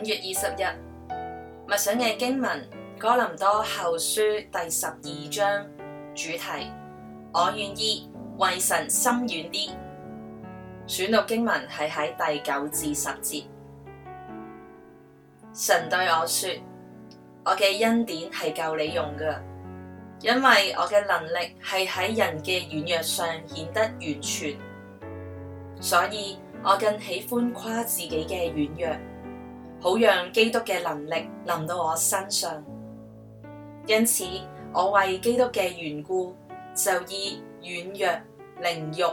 五月二十日，默想嘅經文《哥林多後書》第十二章，主題：我願意為神心軟啲。選讀經文係喺第九至十節。神對我說：我嘅恩典係夠你用嘅，因為我嘅能力係喺人嘅軟弱上顯得完全，所以我更喜歡誇自己嘅軟弱。好讓基督嘅能力臨到我身上，因此我為基督嘅緣故，就以軟弱、凌辱、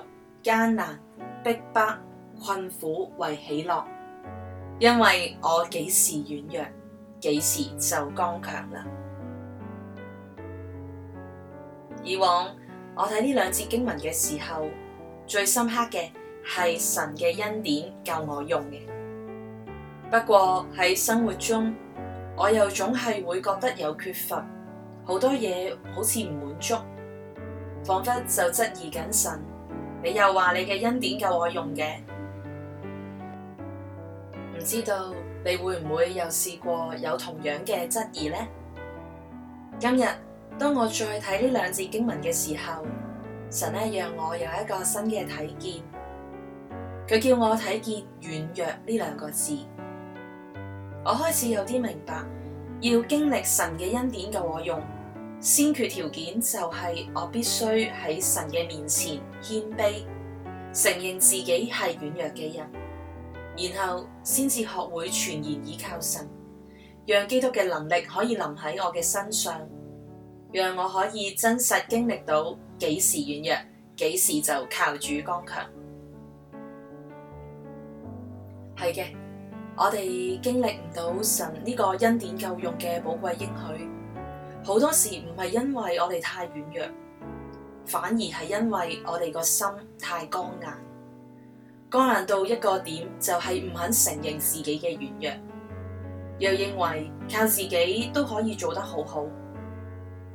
艱難、逼迫、困苦為喜樂，因為我幾時軟弱，幾時就剛強啦。以往我睇呢兩節經文嘅時候，最深刻嘅係神嘅恩典夠我用嘅。不過喺生活中，我又總係會覺得有缺乏，很多東西、好多嘢好似唔滿足，彷彿就質疑緊神。你又話你嘅恩典夠我用嘅，唔知道你會唔會又試過有同樣嘅質疑呢？今日當我再睇呢兩字經文嘅時候，神呢，讓我有一個新嘅睇見，佢叫我睇見軟弱呢兩個字。我開始有啲明白，要經歷神嘅恩典夠我用，先決條件就係我必須喺神嘅面前謙卑，承認自己係軟弱嘅人，然後先至學會全然倚靠神，讓基督嘅能力可以臨喺我嘅身上，讓我可以真實經歷到幾時軟弱，幾時就靠主剛強。係嘅。我哋經歷唔到神呢個恩典夠用嘅寶貴應許，好多時唔係因為我哋太軟弱，反而係因為我哋個心太剛硬，剛硬到一個點就係唔肯承認自己嘅軟弱，又認為靠自己都可以做得好好，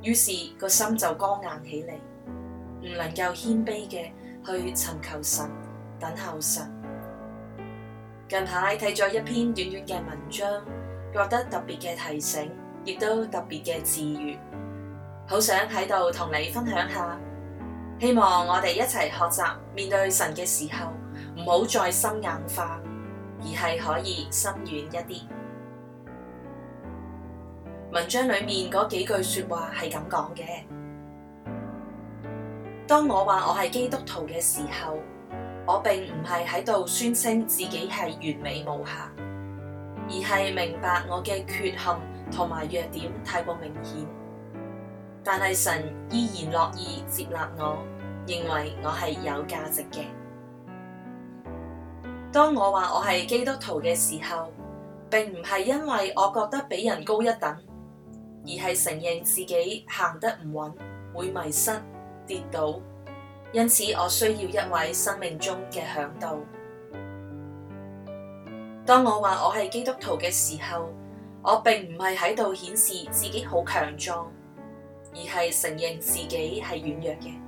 於是個心就剛硬起嚟，唔能夠謙卑嘅去尋求神，等候神。近排睇咗一篇短短嘅文章，覺得特別嘅提醒，亦都特別嘅治癒，好想喺度同你分享下。希望我哋一齊學習面對神嘅時候，唔好再心硬化，而係可以心軟一啲。文章裏面嗰幾句說話係咁講嘅：當我話我係基督徒嘅時候，我並唔係喺度宣稱自己係完美無瑕，而係明白我嘅缺陷同埋弱點太過明顯，但係神依然樂意接納我，認為我係有價值嘅。當我話我係基督徒嘅時候，並唔係因為我覺得比人高一等，而係承認自己行得唔穩，會迷失、跌倒。因此，我需要一位生命中嘅嚮導。當我話我係基督徒嘅時候，我並唔係喺度顯示自己好強壯，而係承認自己係軟弱嘅，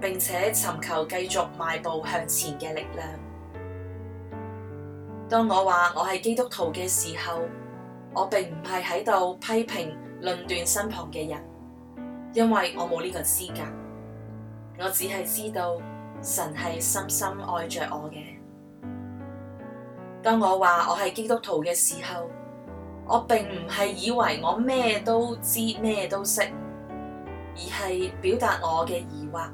並且尋求繼續邁步向前嘅力量。當我話我係基督徒嘅時候，我並唔係喺度批評論斷身旁嘅人，因為我冇呢個資格。我只係知道神係深深愛着我嘅。當我話我係基督徒嘅時候，我並唔係以為我咩都知咩都識，而係表達我嘅疑惑，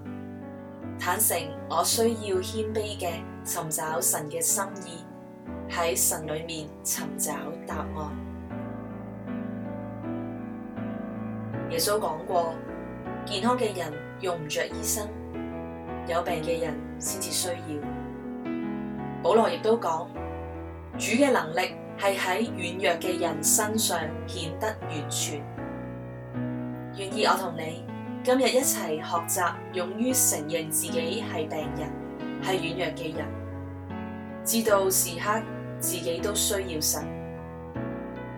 坦誠我需要謙卑嘅尋找神嘅心意，喺神裏面尋找答案。耶穌講過。健康嘅人用唔着醫生，有病嘅人先至需要。保羅亦都講，主嘅能力係喺軟弱嘅人身上顯得完全。願意我同你今日一齊學習，勇於承認自己係病人，係軟弱嘅人，知道時刻自己都需要神，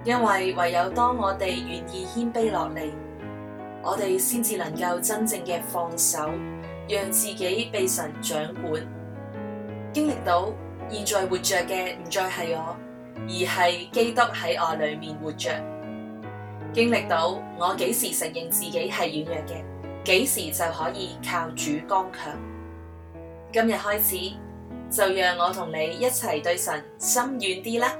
因為唯有當我哋願意謙卑落嚟。我哋先至能夠真正嘅放手，讓自己被神掌管。經歷到現在活着嘅唔再係我，而係基督喺我裏面活着。經歷到我幾時承認自己係軟弱嘅，幾時就可以靠主剛強。今日開始，就讓我同你一齊對神心軟啲啦。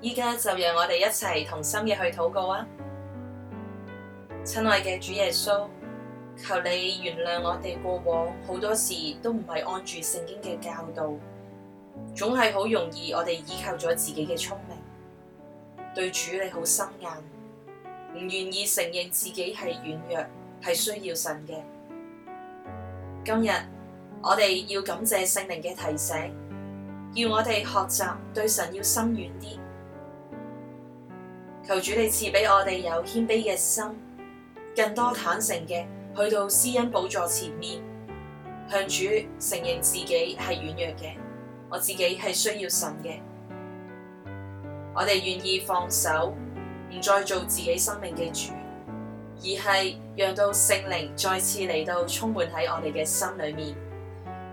依家就讓我哋一齊同心嘅去禱告啊！親愛嘅主耶穌，求你原諒我哋過往好多事都唔係按住聖經嘅教導，總係好容易我哋依靠咗自己嘅聰明，對主你好心硬，唔願意承認自己係軟弱，係需要神嘅。今日我哋要感謝聖靈嘅提醒，要我哋學習對神要心軟啲。求主你賜俾我哋有謙卑嘅心，更多坦誠嘅去到施恩寶座前面，向主承認自己係軟弱嘅，我自己係需要神嘅。我哋願意放手，唔再做自己生命嘅主，而係讓到聖靈再次嚟到充滿喺我哋嘅心裏面，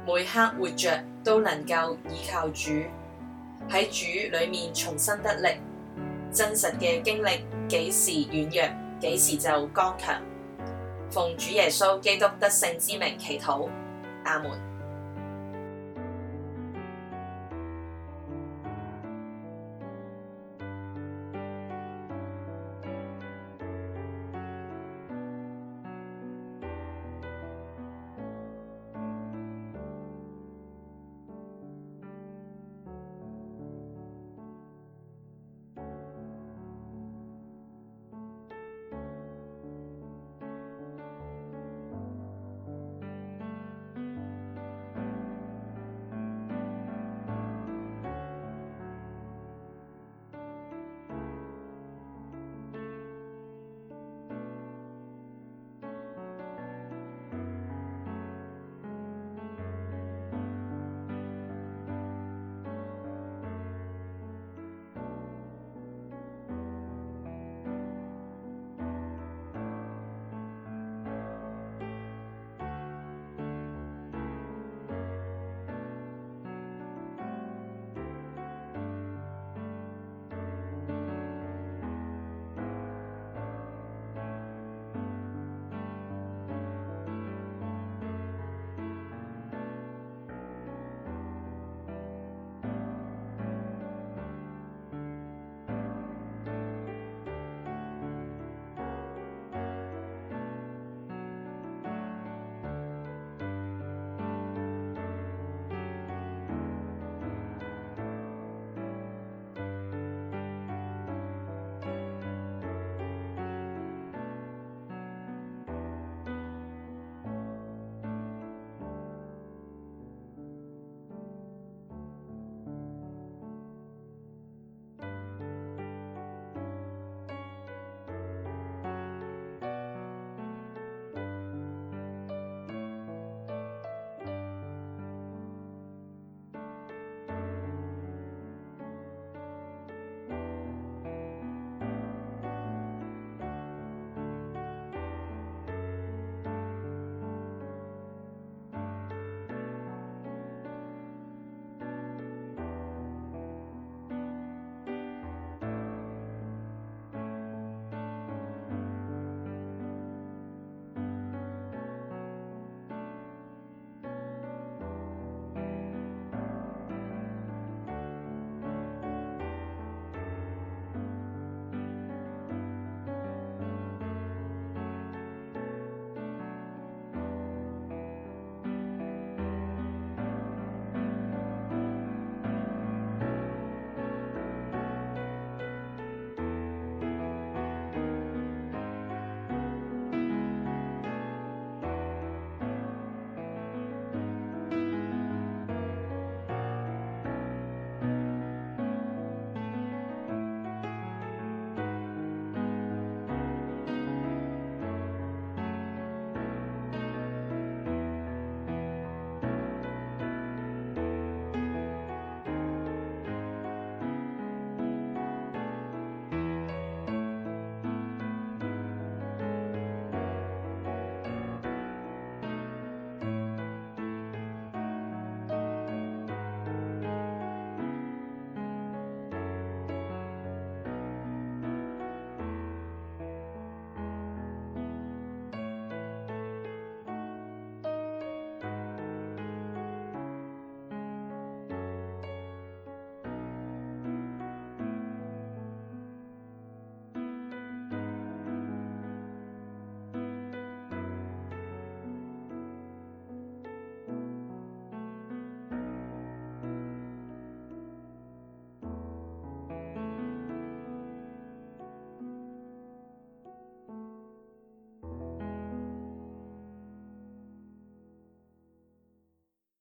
每刻活着都能夠依靠主，喺主裏面重新得力。真實嘅經歷幾時軟弱，幾時就剛強。奉主耶穌基督得勝之名祈禱，阿門。